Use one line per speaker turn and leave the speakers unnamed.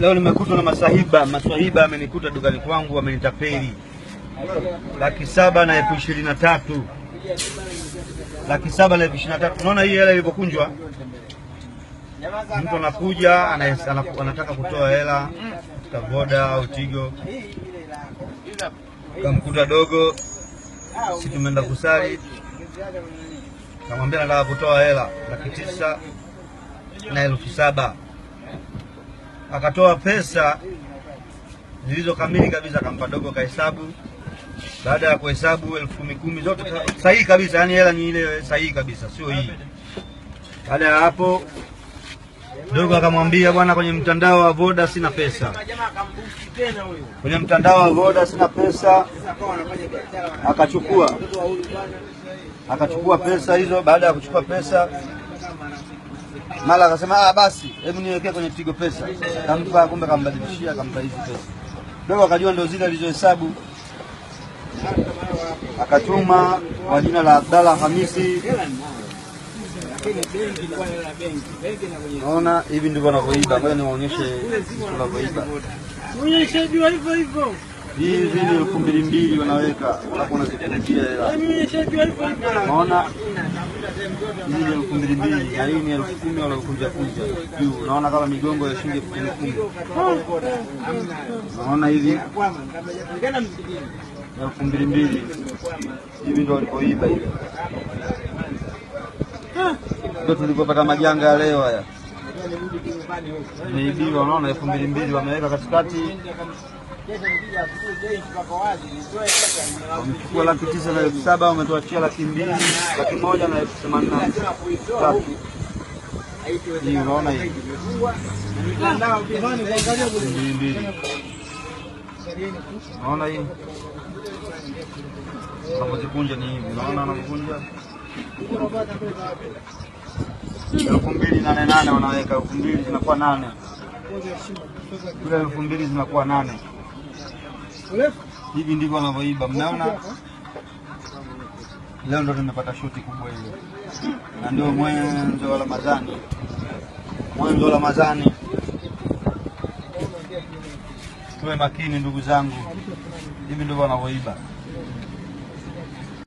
Leo nimekutwa na masahiba, masahiba amenikuta dukani kwangu, amenitapeli laki saba na elfu ishirini na tatu laki saba na elfu ishirini na tatu Unaona hii hela ilivyokunjwa. Mtu anakuja anataka kutoa hela Tavoda au Tigo, kamkuta dogo, si tumeenda kusali, kamwambia nataka kutoa hela laki tisa na elfu saba akatoa pesa zilizokamili kabisa, akampa dogo kahesabu. Baada ya kuhesabu elfu kumi zote sahihi kabisa, yani hela ni ile sahihi kabisa, sio hii. Baada ya hapo, dogo akamwambia, bwana, kwenye mtandao wa Voda sina pesa, kwenye mtandao wa Voda sina pesa. Akachukua akachukua pesa hizo. Baada ya kuchukua pesa mara akasema ah, basi hebu niwekee kwenye Tigo Pesa, kampa kumbe kambadilishia, kampa hizi pesa. Dogo akajua ndio zile alizohesabu, akatuma kwa jina la Abdalla Hamisi. Naona hivi ndivyo wanavyoiba. Ngoja niwaonyeshe wanavyoiba.
Nimeshajua hivyo hivyo.
Hizi ni elfu mbili mbili wanaweka, alafu wanazikunjia
hela.
Naona milioni elfu mbili mbili, na hii ni elfu kumi wanakunja kunja juu, unaona kama migongo ya shilingi elfu kumi unaona hivi elfu mbili mbili hivi ndo walipoiba hivi, ndo tulikopata majanga ya leo haya, imeibiwa. Unaona elfu mbili mbili wameweka katikati Umechukua laki tisa na elfu saba umetuachia laki mbili laki moja na elfu themanini na tatu unaona hivi naona hii unavyozikunja ni hivi, unaona unavyokunja elfu mbili nane nane wanaweka elfu mbili zinakuwa nane kule elfu mbili zinakuwa nane Hivi ndivyo wanavyoiba, mnaona. Leo ndo tumepata shoti kubwa hiyo, na ndio mwanzo wa Ramadhani, mwanzo wa Ramadhani. Tuwe makini ndugu zangu, hivi ndivyo wanavyoiba.